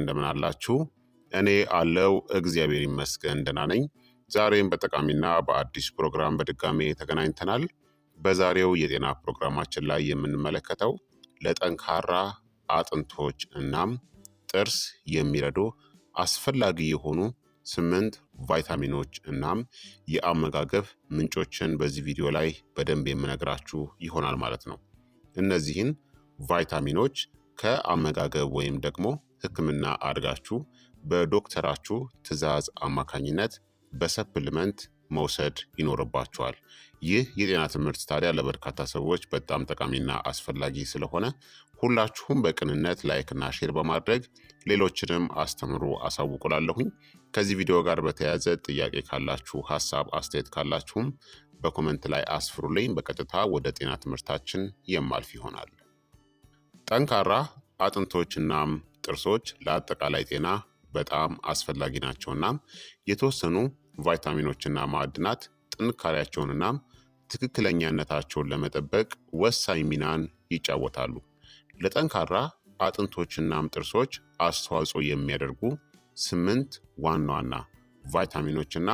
እንደምን አላችሁ? እኔ አለው እግዚአብሔር ይመስገን ደህና ነኝ። ዛሬም በጠቃሚና በአዲስ ፕሮግራም በድጋሜ ተገናኝተናል። በዛሬው የጤና ፕሮግራማችን ላይ የምንመለከተው ለጠንካራ አጥንቶች እናም ጥርስ የሚረዱ አስፈላጊ የሆኑ ስምንት ቫይታሚኖች እናም የአመጋገብ ምንጮችን በዚህ ቪዲዮ ላይ በደንብ የምነግራችሁ ይሆናል ማለት ነው። እነዚህን ቫይታሚኖች ከአመጋገብ ወይም ደግሞ ህክምና አድርጋችሁ በዶክተራችሁ ትዕዛዝ አማካኝነት በሰፕልመንት መውሰድ ይኖርባቸዋል። ይህ የጤና ትምህርት ታዲያ ለበርካታ ሰዎች በጣም ጠቃሚና አስፈላጊ ስለሆነ ሁላችሁም በቅንነት ላይክና ሼር በማድረግ ሌሎችንም አስተምሩ አሳውቁላለሁኝ። ከዚህ ቪዲዮ ጋር በተያያዘ ጥያቄ ካላችሁ፣ ሀሳብ አስተያየት ካላችሁም በኮመንት ላይ አስፍሩልኝ። በቀጥታ ወደ ጤና ትምህርታችን የማልፍ ይሆናል። ጠንካራ አጥንቶችናም ጥርሶች ለአጠቃላይ ጤና በጣም አስፈላጊ ናቸውና የተወሰኑ ቫይታሚኖችና ማዕድናት ጥንካሬያቸውንና ትክክለኛነታቸውን ለመጠበቅ ወሳኝ ሚናን ይጫወታሉ። ለጠንካራ አጥንቶችናም ጥርሶች አስተዋጽኦ የሚያደርጉ ስምንት ዋና ዋና ቫይታሚኖችና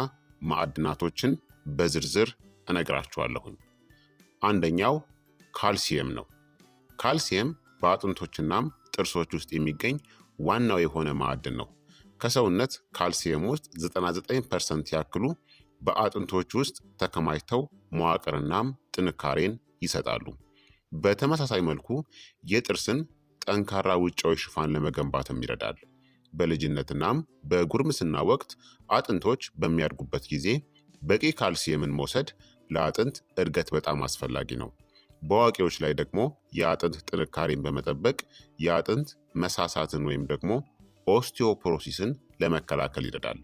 ማዕድናቶችን በዝርዝር እነግራችኋለሁኝ። አንደኛው ካልሲየም ነው። ካልሲየም በአጥንቶችናም ጥርሶች ውስጥ የሚገኝ ዋናው የሆነ ማዕድን ነው። ከሰውነት ካልሲየም ውስጥ 99 ፐርሰንት ያክሉ በአጥንቶች ውስጥ ተከማችተው መዋቅርናም ጥንካሬን ይሰጣሉ። በተመሳሳይ መልኩ የጥርስን ጠንካራ ውጫዊ ሽፋን ለመገንባትም ይረዳል። በልጅነትናም በጉርምስና ወቅት አጥንቶች በሚያድጉበት ጊዜ በቂ ካልሲየምን መውሰድ ለአጥንት እድገት በጣም አስፈላጊ ነው። በአዋቂዎች ላይ ደግሞ የአጥንት ጥንካሬን በመጠበቅ የአጥንት መሳሳትን ወይም ደግሞ ኦስቲዮፕሮሲስን ለመከላከል ይረዳል።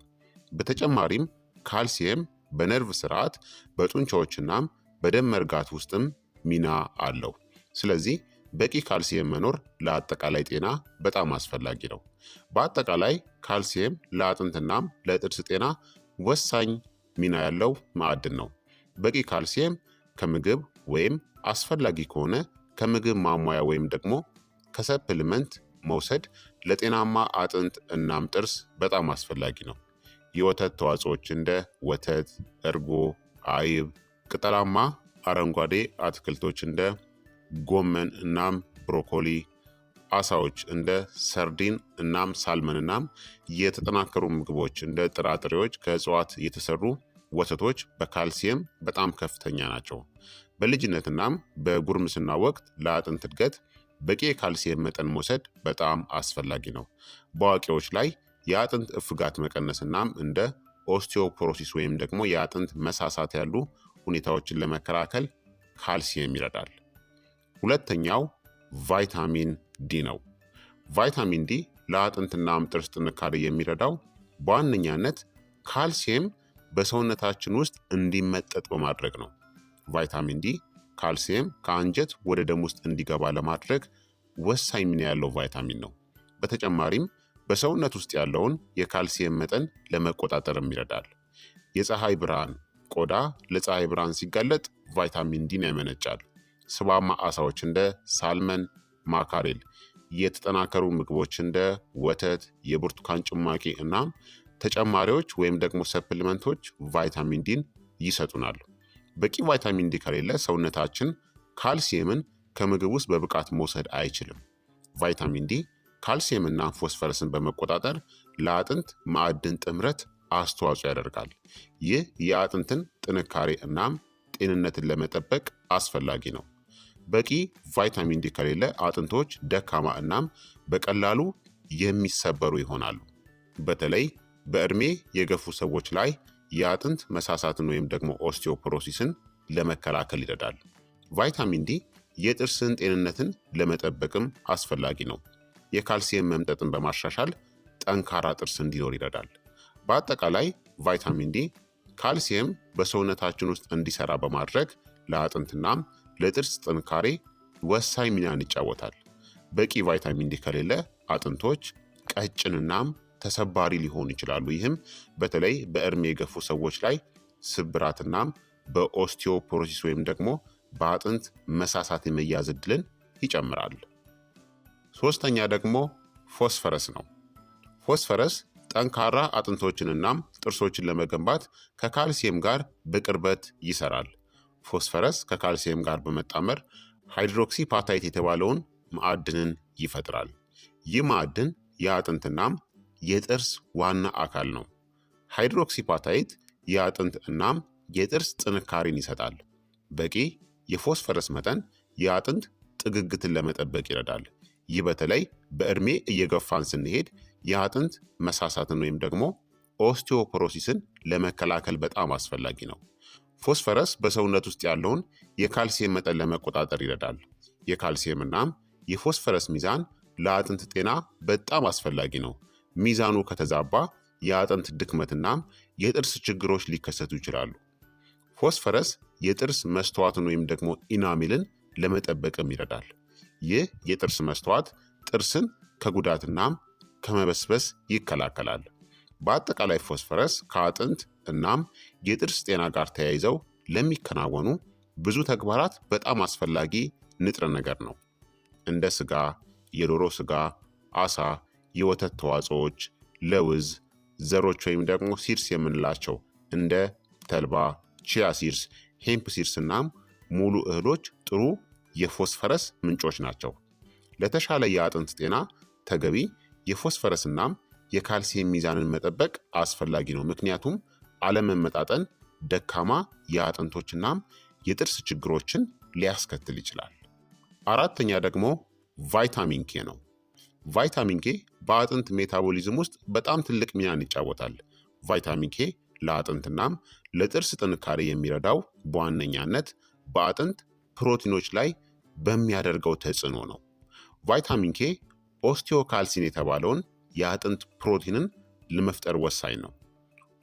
በተጨማሪም ካልሲየም በነርቭ ስርዓት በጡንቻዎችናም በደም መርጋት ውስጥም ሚና አለው። ስለዚህ በቂ ካልሲየም መኖር ለአጠቃላይ ጤና በጣም አስፈላጊ ነው። በአጠቃላይ ካልሲየም ለአጥንትናም ለጥርስ ጤና ወሳኝ ሚና ያለው ማዕድን ነው። በቂ ካልሲየም ከምግብ ወይም አስፈላጊ ከሆነ ከምግብ ማሟያ ወይም ደግሞ ከሰፕልመንት መውሰድ ለጤናማ አጥንት እናም ጥርስ በጣም አስፈላጊ ነው። የወተት ተዋጽኦዎች እንደ ወተት፣ እርጎ፣ አይብ፣ ቅጠላማ አረንጓዴ አትክልቶች እንደ ጎመን እናም ብሮኮሊ፣ አሳዎች እንደ ሰርዲን እናም ሳልመን እናም የተጠናከሩ ምግቦች እንደ ጥራጥሬዎች ከእጽዋት የተሰሩ ወተቶች በካልሲየም በጣም ከፍተኛ ናቸው። በልጅነትናም በጉርምስና ወቅት ለአጥንት እድገት በቂ የካልሲየም መጠን መውሰድ በጣም አስፈላጊ ነው። በአዋቂዎች ላይ የአጥንት እፍጋት መቀነስናም እንደ ኦስቲዮፖሮሲስ ወይም ደግሞ የአጥንት መሳሳት ያሉ ሁኔታዎችን ለመከላከል ካልሲየም ይረዳል። ሁለተኛው ቫይታሚን ዲ ነው። ቫይታሚን ዲ ለአጥንትና ጥርስ ጥንካሬ የሚረዳው በዋነኛነት ካልሲየም በሰውነታችን ውስጥ እንዲመጠጥ በማድረግ ነው። ቫይታሚን ዲ ካልሲየም ከአንጀት ወደ ደም ውስጥ እንዲገባ ለማድረግ ወሳኝ ሚና ያለው ቫይታሚን ነው። በተጨማሪም በሰውነት ውስጥ ያለውን የካልሲየም መጠን ለመቆጣጠርም ይረዳል። የፀሐይ ብርሃን ቆዳ ለፀሐይ ብርሃን ሲጋለጥ ቫይታሚን ዲን ያመነጫል። ስባማ አሳዎች እንደ ሳልመን፣ ማካሬል፣ የተጠናከሩ ምግቦች እንደ ወተት፣ የብርቱካን ጭማቂ እናም ተጨማሪዎች ወይም ደግሞ ሰፕሊመንቶች ቫይታሚን ዲን ይሰጡናል። በቂ ቫይታሚን ዲ ከሌለ ሰውነታችን ካልሲየምን ከምግብ ውስጥ በብቃት መውሰድ አይችልም። ቫይታሚን ዲ ካልሲየምና ፎስፈረስን በመቆጣጠር ለአጥንት ማዕድን ጥምረት አስተዋጽኦ ያደርጋል። ይህ የአጥንትን ጥንካሬ እናም ጤንነትን ለመጠበቅ አስፈላጊ ነው። በቂ ቫይታሚን ዲ ከሌለ አጥንቶች ደካማ እናም በቀላሉ የሚሰበሩ ይሆናሉ። በተለይ በእድሜ የገፉ ሰዎች ላይ የአጥንት መሳሳትን ወይም ደግሞ ኦስቲዮፖሮሲስን ለመከላከል ይረዳል። ቫይታሚን ዲ የጥርስን ጤንነትን ለመጠበቅም አስፈላጊ ነው። የካልሲየም መምጠጥን በማሻሻል ጠንካራ ጥርስ እንዲኖር ይረዳል። በአጠቃላይ ቫይታሚን ዲ ካልሲየም በሰውነታችን ውስጥ እንዲሰራ በማድረግ ለአጥንትናም ለጥርስ ጥንካሬ ወሳኝ ሚናን ይጫወታል። በቂ ቫይታሚን ዲ ከሌለ አጥንቶች ቀጭንናም ተሰባሪ ሊሆኑ ይችላሉ። ይህም በተለይ በእድሜ የገፉ ሰዎች ላይ ስብራትናም በኦስቲዮፖሮሲስ ወይም ደግሞ በአጥንት መሳሳት የመያዝ እድልን ይጨምራል። ሶስተኛ ደግሞ ፎስፈረስ ነው። ፎስፈረስ ጠንካራ አጥንቶችንናም ጥርሶችን ለመገንባት ከካልሲየም ጋር በቅርበት ይሰራል። ፎስፈረስ ከካልሲየም ጋር በመጣመር ሃይድሮክሲፓታይት የተባለውን ማዕድንን ይፈጥራል። ይህ ማዕድን የአጥንትናም የጥርስ ዋና አካል ነው። ሃይድሮክሲፓታይት የአጥንት እናም የጥርስ ጥንካሬን ይሰጣል። በቂ የፎስፈረስ መጠን የአጥንት ጥግግትን ለመጠበቅ ይረዳል። ይህ በተለይ በእድሜ እየገፋን ስንሄድ የአጥንት መሳሳትን ወይም ደግሞ ኦስቲዮፖሮሲስን ለመከላከል በጣም አስፈላጊ ነው። ፎስፈረስ በሰውነት ውስጥ ያለውን የካልሲየም መጠን ለመቆጣጠር ይረዳል። የካልሲየም እናም የፎስፈረስ ሚዛን ለአጥንት ጤና በጣም አስፈላጊ ነው። ሚዛኑ ከተዛባ የአጥንት ድክመትናም የጥርስ ችግሮች ሊከሰቱ ይችላሉ። ፎስፈረስ የጥርስ መስተዋትን ወይም ደግሞ ኢናሚልን ለመጠበቅም ይረዳል። ይህ የጥርስ መስተዋት ጥርስን ከጉዳትናም ከመበስበስ ይከላከላል። በአጠቃላይ ፎስፈረስ ከአጥንት እናም የጥርስ ጤና ጋር ተያይዘው ለሚከናወኑ ብዙ ተግባራት በጣም አስፈላጊ ንጥረ ነገር ነው። እንደ ስጋ፣ የዶሮ ስጋ፣ አሳ የወተት ተዋጽኦዎች፣ ለውዝ ዘሮች ወይም ደግሞ ሲርስ የምንላቸው እንደ ተልባ፣ ቺያ ሲርስ፣ ሄምፕ ሲርስ እናም ሙሉ እህሎች ጥሩ የፎስፈረስ ምንጮች ናቸው። ለተሻለ የአጥንት ጤና ተገቢ የፎስፈረስ እናም የካልሲየም ሚዛንን መጠበቅ አስፈላጊ ነው። ምክንያቱም አለመመጣጠን ደካማ የአጥንቶች እናም የጥርስ ችግሮችን ሊያስከትል ይችላል። አራተኛ ደግሞ ቫይታሚን ኬ ነው። ቫይታሚን ኬ በአጥንት ሜታቦሊዝም ውስጥ በጣም ትልቅ ሚናን ይጫወታል። ቫይታሚን ኬ ለአጥንትናም ለጥርስ ጥንካሬ የሚረዳው በዋነኛነት በአጥንት ፕሮቲኖች ላይ በሚያደርገው ተጽዕኖ ነው። ቫይታሚን ኬ ኦስቲዮካልሲን የተባለውን የአጥንት ፕሮቲንን ለመፍጠር ወሳኝ ነው።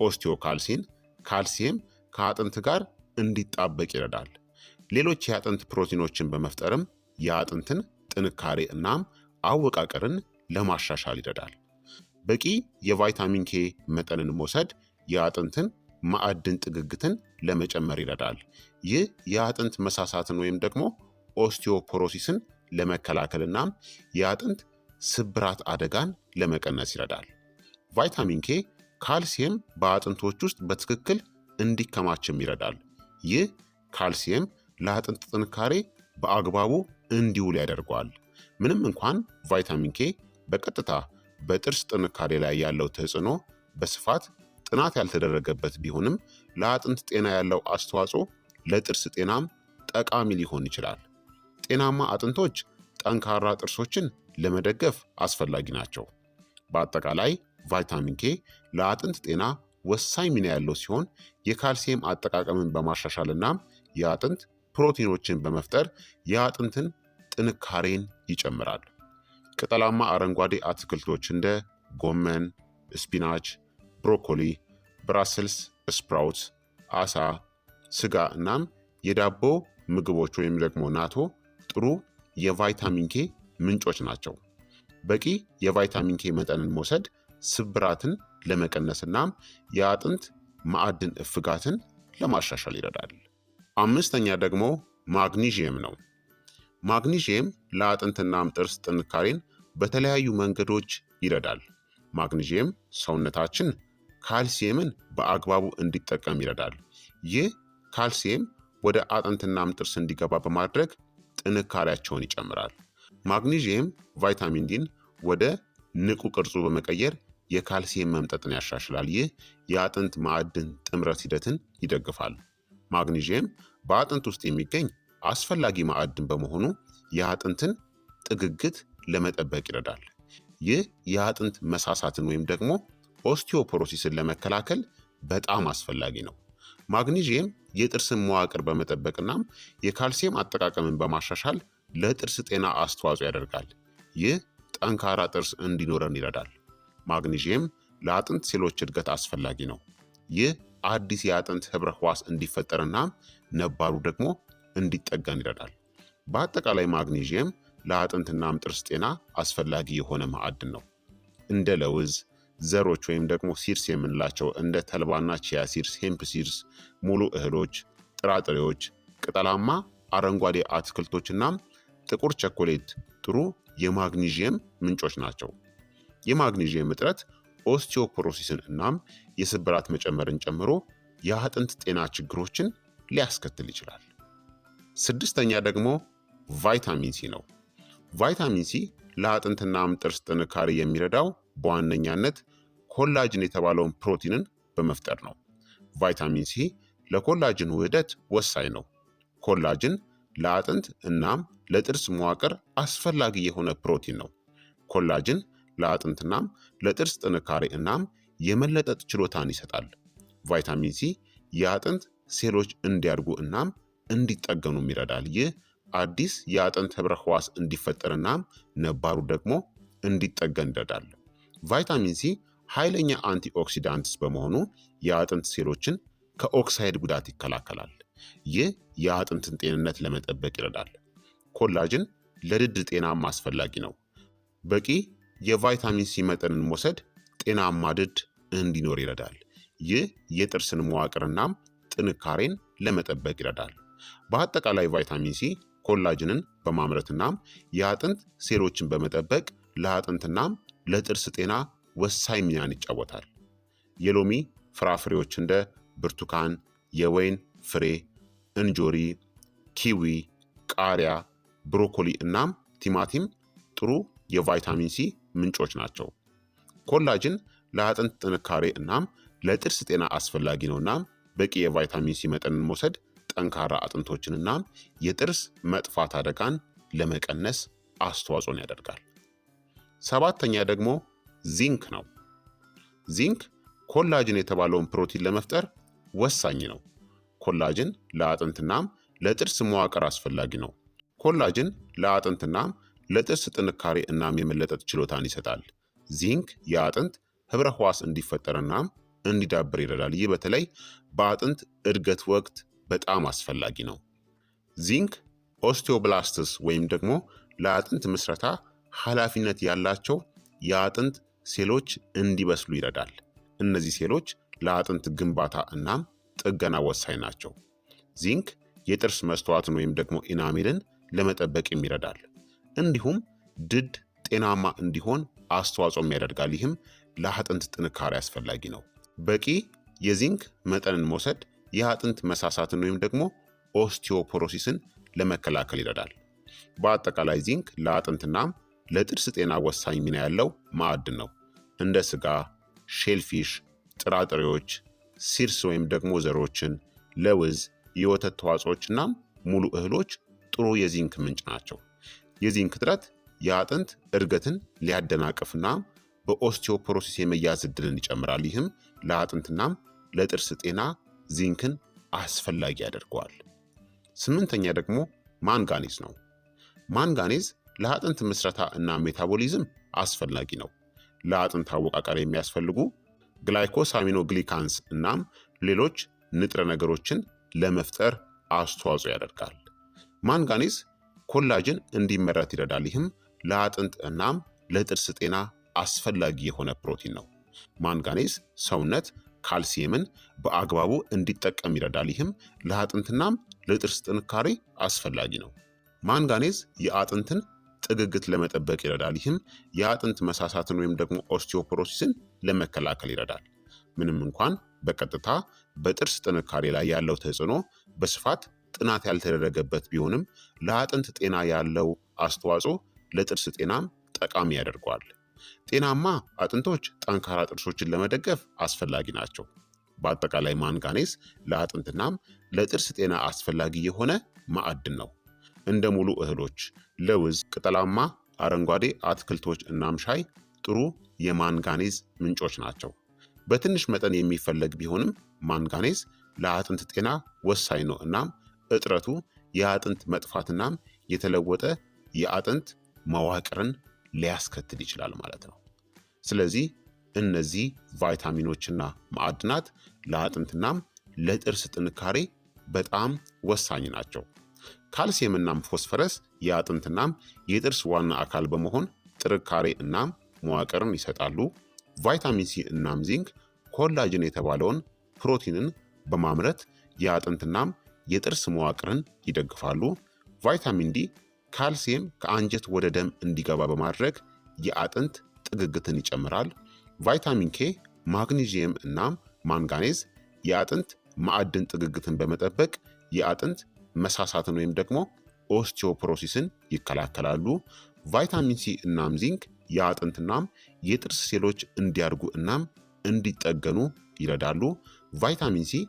ኦስቲዮካልሲን ካልሲየም ከአጥንት ጋር እንዲጣበቅ ይረዳል። ሌሎች የአጥንት ፕሮቲኖችን በመፍጠርም የአጥንትን ጥንካሬ እናም አወቃቀርን ለማሻሻል ይረዳል። በቂ የቫይታሚን ኬ መጠንን መውሰድ የአጥንትን ማዕድን ጥግግትን ለመጨመር ይረዳል። ይህ የአጥንት መሳሳትን ወይም ደግሞ ኦስቲዮፖሮሲስን ለመከላከል እናም የአጥንት ስብራት አደጋን ለመቀነስ ይረዳል። ቫይታሚን ኬ ካልሲየም በአጥንቶች ውስጥ በትክክል እንዲከማችም ይረዳል። ይህ ካልሲየም ለአጥንት ጥንካሬ በአግባቡ እንዲውል ያደርገዋል። ምንም እንኳን ቫይታሚን ኬ በቀጥታ በጥርስ ጥንካሬ ላይ ያለው ተጽዕኖ በስፋት ጥናት ያልተደረገበት ቢሆንም ለአጥንት ጤና ያለው አስተዋጽኦ ለጥርስ ጤናም ጠቃሚ ሊሆን ይችላል። ጤናማ አጥንቶች ጠንካራ ጥርሶችን ለመደገፍ አስፈላጊ ናቸው። በአጠቃላይ ቫይታሚን ኬ ለአጥንት ጤና ወሳኝ ሚና ያለው ሲሆን የካልሲየም አጠቃቀምን በማሻሻል እናም የአጥንት ፕሮቲኖችን በመፍጠር የአጥንትን ጥንካሬን ይጨምራል። ቅጠላማ አረንጓዴ አትክልቶች እንደ ጎመን፣ ስፒናች፣ ብሮኮሊ፣ ብራስልስ ስፕራውት፣ አሳ፣ ስጋ እናም የዳቦ ምግቦች ወይም ደግሞ ናቶ ጥሩ የቫይታሚን ኬ ምንጮች ናቸው። በቂ የቫይታሚን ኬ መጠንን መውሰድ ስብራትን ለመቀነስ እናም የአጥንት ማዕድን እፍጋትን ለማሻሻል ይረዳል። አምስተኛ ደግሞ ማግኒዥየም ነው። ማግኒዥየም ለአጥንትናም ጥርስ ጥንካሬን በተለያዩ መንገዶች ይረዳል። ማግኒዥየም ሰውነታችን ካልሲየምን በአግባቡ እንዲጠቀም ይረዳል። ይህ ካልሲየም ወደ አጥንትናም ጥርስ እንዲገባ በማድረግ ጥንካሬያቸውን ይጨምራል። ማግኒዥየም ቫይታሚን ዲን ወደ ንቁ ቅርጹ በመቀየር የካልሲየም መምጠጥን ያሻሽላል። ይህ የአጥንት ማዕድን ጥምረት ሂደትን ይደግፋል። ማግኒዥየም በአጥንት ውስጥ የሚገኝ አስፈላጊ ማዕድን በመሆኑ የአጥንትን ጥግግት ለመጠበቅ ይረዳል። ይህ የአጥንት መሳሳትን ወይም ደግሞ ኦስቲዮፖሮሲስን ለመከላከል በጣም አስፈላጊ ነው። ማግኒዥየም የጥርስን መዋቅር በመጠበቅናም የካልሲየም አጠቃቀምን በማሻሻል ለጥርስ ጤና አስተዋጽኦ ያደርጋል። ይህ ጠንካራ ጥርስ እንዲኖረን ይረዳል። ማግኒዥየም ለአጥንት ሴሎች እድገት አስፈላጊ ነው። ይህ አዲስ የአጥንት ህብረ ህዋስ እንዲፈጠርና ነባሩ ደግሞ እንዲጠገን ይረዳል። በአጠቃላይ ማግኔዥየም ለአጥንትና ምጥርስ ጤና አስፈላጊ የሆነ ማዕድን ነው። እንደ ለውዝ ዘሮች ወይም ደግሞ ሲርስ የምንላቸው እንደ ተልባና ቺያ ሲርስ፣ ሄምፕ ሲርስ፣ ሙሉ እህሎች፣ ጥራጥሬዎች፣ ቅጠላማ አረንጓዴ አትክልቶችና ጥቁር ቸኮሌት ጥሩ የማግኒዥየም ምንጮች ናቸው። የማግኒዥየም እጥረት ኦስቲዮፖሮሲስን እናም የስብራት መጨመርን ጨምሮ የአጥንት ጤና ችግሮችን ሊያስከትል ይችላል። ስድስተኛ ደግሞ ቫይታሚን ሲ ነው። ቫይታሚን ሲ ለአጥንትና አምጥርስ ጥንካሬ የሚረዳው በዋነኛነት ኮላጅን የተባለውን ፕሮቲንን በመፍጠር ነው። ቫይታሚን ሲ ለኮላጅን ውህደት ወሳኝ ነው። ኮላጅን ለአጥንት እናም ለጥርስ መዋቅር አስፈላጊ የሆነ ፕሮቲን ነው። ኮላጅን ለአጥንት ለጥርስ ጥንካሬ እናም የመለጠጥ ችሎታን ይሰጣል። ቫይታሚን ሲ የአጥንት ሴሎች እንዲያድጉ እናም እንዲጠገኑም ይረዳል። ይህ አዲስ የአጥንት ህብረ ህዋስ እንዲፈጠርና ነባሩ ደግሞ እንዲጠገን ይረዳል። ቫይታሚን ሲ ኃይለኛ አንቲኦክሲዳንትስ በመሆኑ የአጥንት ሴሎችን ከኦክሳይድ ጉዳት ይከላከላል። ይህ የአጥንትን ጤንነት ለመጠበቅ ይረዳል። ኮላጅን ለድድ ጤናም አስፈላጊ ነው። በቂ የቫይታሚን ሲ መጠንን መውሰድ ጤናማ ድድ እንዲኖር ይረዳል። ይህ የጥርስን መዋቅርናም ጥንካሬን ለመጠበቅ ይረዳል። በአጠቃላይ ቫይታሚን ሲ ኮላጅንን በማምረትናም የአጥንት ሴሎችን በመጠበቅ ለአጥንትናም ለጥርስ ጤና ወሳኝ ሚናን ይጫወታል። የሎሚ ፍራፍሬዎች እንደ ብርቱካን፣ የወይን ፍሬ፣ እንጆሪ፣ ኪዊ፣ ቃሪያ፣ ብሮኮሊ እናም ቲማቲም ጥሩ የቫይታሚን ሲ ምንጮች ናቸው። ኮላጅን ለአጥንት ጥንካሬ እናም ለጥርስ ጤና አስፈላጊ ነው። በቂ የቫይታሚን ሲ መጠንን መውሰድ ጠንካራ አጥንቶችንና የጥርስ መጥፋት አደጋን ለመቀነስ አስተዋጽኦን ያደርጋል። ሰባተኛ ደግሞ ዚንክ ነው። ዚንክ ኮላጅን የተባለውን ፕሮቲን ለመፍጠር ወሳኝ ነው። ኮላጅን ለአጥንትናም ለጥርስ መዋቅር አስፈላጊ ነው። ኮላጅን ለአጥንትናም ለጥርስ ጥንካሬ እናም የመለጠጥ ችሎታን ይሰጣል። ዚንክ የአጥንት ህብረ ህዋስ እንዲፈጠርናም እንዲዳብር ይረዳል። ይህ በተለይ በአጥንት እድገት ወቅት በጣም አስፈላጊ ነው። ዚንክ ኦስቲዮብላስትስ ወይም ደግሞ ለአጥንት ምስረታ ኃላፊነት ያላቸው የአጥንት ሴሎች እንዲበስሉ ይረዳል። እነዚህ ሴሎች ለአጥንት ግንባታ እናም ጥገና ወሳኝ ናቸው። ዚንክ የጥርስ መስተዋትን ወይም ደግሞ ኢናሚልን ለመጠበቅም ይረዳል። እንዲሁም ድድ ጤናማ እንዲሆን አስተዋጽኦም ያደርጋል። ይህም ለአጥንት ጥንካሬ አስፈላጊ ነው። በቂ የዚንክ መጠንን መውሰድ የአጥንት መሳሳትን ወይም ደግሞ ኦስቲዮፖሮሲስን ለመከላከል ይረዳል። በአጠቃላይ ዚንክ ለአጥንትናም ለጥርስ ጤና ወሳኝ ሚና ያለው ማዕድን ነው። እንደ ስጋ፣ ሼልፊሽ፣ ጥራጥሬዎች፣ ሲርስ ወይም ደግሞ ዘሮችን፣ ለውዝ፣ የወተት ተዋጽኦች እናም ሙሉ እህሎች ጥሩ የዚንክ ምንጭ ናቸው። የዚንክ እጥረት የአጥንት እድገትን ሊያደናቅፍና በኦስቲዮፖሮሲስ የመያዝ እድልን ይጨምራል። ይህም ለአጥንትናም ለጥርስ ጤና ዚንክን አስፈላጊ ያደርገዋል። ስምንተኛ ደግሞ ማንጋኔዝ ነው። ማንጋኔዝ ለአጥንት ምስረታ እና ሜታቦሊዝም አስፈላጊ ነው። ለአጥንት አወቃቀር የሚያስፈልጉ ግላይኮስ ግሊካንስ እናም ሌሎች ንጥረ ነገሮችን ለመፍጠር አስተዋጽኦ ያደርጋል። ማንጋኔዝ ኮላጅን እንዲመረት ይረዳል። ይህም ለአጥንት እናም ለጥርስ ጤና አስፈላጊ የሆነ ፕሮቲን ነው። ማንጋኔዝ ሰውነት ካልሲየምን በአግባቡ እንዲጠቀም ይረዳል። ይህም ለአጥንትናም ለጥርስ ጥንካሬ አስፈላጊ ነው። ማንጋኔዝ የአጥንትን ጥግግት ለመጠበቅ ይረዳል። ይህም የአጥንት መሳሳትን ወይም ደግሞ ኦስቲዮፖሮሲስን ለመከላከል ይረዳል። ምንም እንኳን በቀጥታ በጥርስ ጥንካሬ ላይ ያለው ተጽዕኖ በስፋት ጥናት ያልተደረገበት ቢሆንም ለአጥንት ጤና ያለው አስተዋጽኦ ለጥርስ ጤናም ጠቃሚ ያደርገዋል። ጤናማ አጥንቶች ጠንካራ ጥርሶችን ለመደገፍ አስፈላጊ ናቸው። በአጠቃላይ ማንጋኔዝ ለአጥንትናም ለጥርስ ጤና አስፈላጊ የሆነ ማዕድን ነው። እንደ ሙሉ እህሎች፣ ለውዝ፣ ቅጠላማ አረንጓዴ አትክልቶች እናም ሻይ ጥሩ የማንጋኔዝ ምንጮች ናቸው። በትንሽ መጠን የሚፈለግ ቢሆንም ማንጋኔዝ ለአጥንት ጤና ወሳኝ ነው። እናም እጥረቱ የአጥንት መጥፋትናም የተለወጠ የአጥንት መዋቅርን ሊያስከትል ይችላል ማለት ነው። ስለዚህ እነዚህ ቫይታሚኖችና ማዕድናት ለአጥንትናም ለጥርስ ጥንካሬ በጣም ወሳኝ ናቸው። ካልሲየምናም ፎስፈረስ የአጥንትናም የጥርስ ዋና አካል በመሆን ጥንካሬ እናም መዋቅርን ይሰጣሉ። ቫይታሚን ሲ እናም ዚንክ ኮላጅን የተባለውን ፕሮቲንን በማምረት የአጥንትናም የጥርስ መዋቅርን ይደግፋሉ። ቫይታሚን ዲ ካልሲየም ከአንጀት ወደ ደም እንዲገባ በማድረግ የአጥንት ጥግግትን ይጨምራል። ቫይታሚን ኬ፣ ማግኒዚየም እናም ማንጋኔዝ የአጥንት ማዕድን ጥግግትን በመጠበቅ የአጥንት መሳሳትን ወይም ደግሞ ኦስቲዮፕሮሲስን ይከላከላሉ። ቫይታሚን ሲ እናም ዚንክ የአጥንት እናም የጥርስ ሴሎች እንዲያድጉ እናም እንዲጠገኑ ይረዳሉ። ቫይታሚን ሲ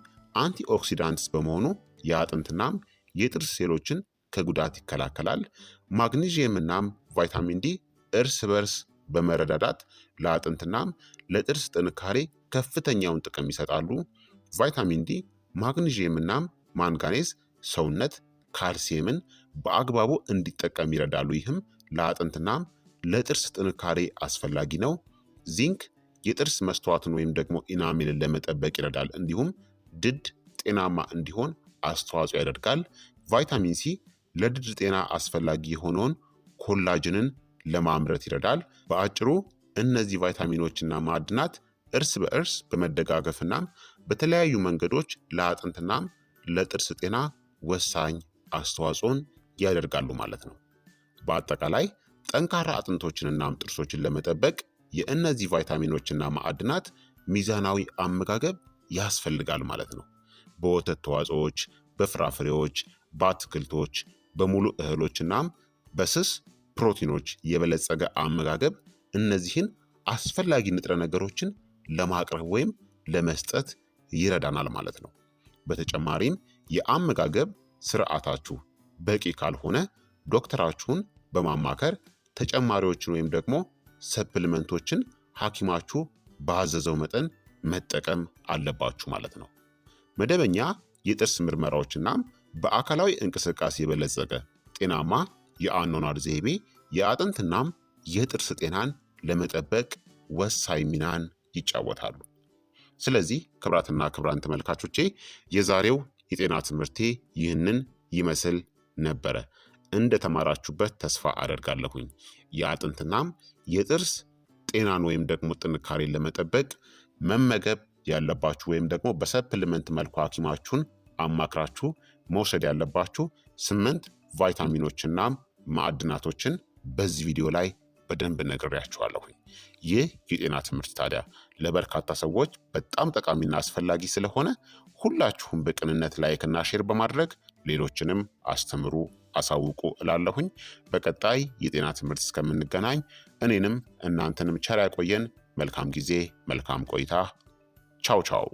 አንቲኦክሲዳንትስ በመሆኑ የአጥንትናም የጥርስ ሴሎችን ከጉዳት ይከላከላል። ማግኒዥየም እናም ቫይታሚን ዲ እርስ በርስ በመረዳዳት ለአጥንትናም ለጥርስ ጥንካሬ ከፍተኛውን ጥቅም ይሰጣሉ። ቫይታሚን ዲ፣ ማግኒዥየም እናም ማንጋኔዝ ሰውነት ካልሲየምን በአግባቡ እንዲጠቀም ይረዳሉ። ይህም ለአጥንትናም ለጥርስ ጥንካሬ አስፈላጊ ነው። ዚንክ የጥርስ መስተዋትን ወይም ደግሞ ኢናሚልን ለመጠበቅ ይረዳል። እንዲሁም ድድ ጤናማ እንዲሆን አስተዋጽኦ ያደርጋል። ቫይታሚን ሲ ለድድ ጤና አስፈላጊ የሆነውን ኮላጅንን ለማምረት ይረዳል። በአጭሩ እነዚህ ቫይታሚኖችና ማዕድናት እርስ በእርስ በመደጋገፍና በተለያዩ መንገዶች ለአጥንትናም ለጥርስ ጤና ወሳኝ አስተዋጽኦን ያደርጋሉ ማለት ነው። በአጠቃላይ ጠንካራ አጥንቶችንናም ጥርሶችን ለመጠበቅ የእነዚህ ቫይታሚኖችና ማዕድናት ሚዛናዊ አመጋገብ ያስፈልጋል ማለት ነው። በወተት ተዋጽዎች በፍራፍሬዎች፣ በአትክልቶች በሙሉ እህሎችና በስስ ፕሮቲኖች የበለጸገ አመጋገብ እነዚህን አስፈላጊ ንጥረ ነገሮችን ለማቅረብ ወይም ለመስጠት ይረዳናል ማለት ነው። በተጨማሪም የአመጋገብ ስርዓታችሁ በቂ ካልሆነ ዶክተራችሁን በማማከር ተጨማሪዎችን ወይም ደግሞ ሰፕልመንቶችን ሐኪማችሁ ባዘዘው መጠን መጠቀም አለባችሁ ማለት ነው። መደበኛ የጥርስ ምርመራዎችናም በአካላዊ እንቅስቃሴ የበለጸገ ጤናማ የአኗኗር ዘይቤ የአጥንትናም የጥርስ ጤናን ለመጠበቅ ወሳኝ ሚናን ይጫወታሉ። ስለዚህ ክብራትና ክብራን ተመልካቾቼ የዛሬው የጤና ትምህርቴ ይህንን ይመስል ነበረ። እንደተማራችሁበት ተስፋ አደርጋለሁኝ። የአጥንትናም የጥርስ ጤናን ወይም ደግሞ ጥንካሬን ለመጠበቅ መመገብ ያለባችሁ ወይም ደግሞ በሰፕልመንት መልኩ ሐኪማችሁን አማክራችሁ መውሰድ ያለባችሁ ስምንት ቫይታሚኖችና ማዕድናቶችን በዚህ ቪዲዮ ላይ በደንብ ነግሬያችኋለሁኝ። ይህ የጤና ትምህርት ታዲያ ለበርካታ ሰዎች በጣም ጠቃሚና አስፈላጊ ስለሆነ ሁላችሁም በቅንነት ላይክና ሼር በማድረግ ሌሎችንም አስተምሩ፣ አሳውቁ እላለሁኝ። በቀጣይ የጤና ትምህርት እስከምንገናኝ እኔንም እናንተንም ቸር ያቆየን። መልካም ጊዜ፣ መልካም ቆይታ። ቻው ቻው።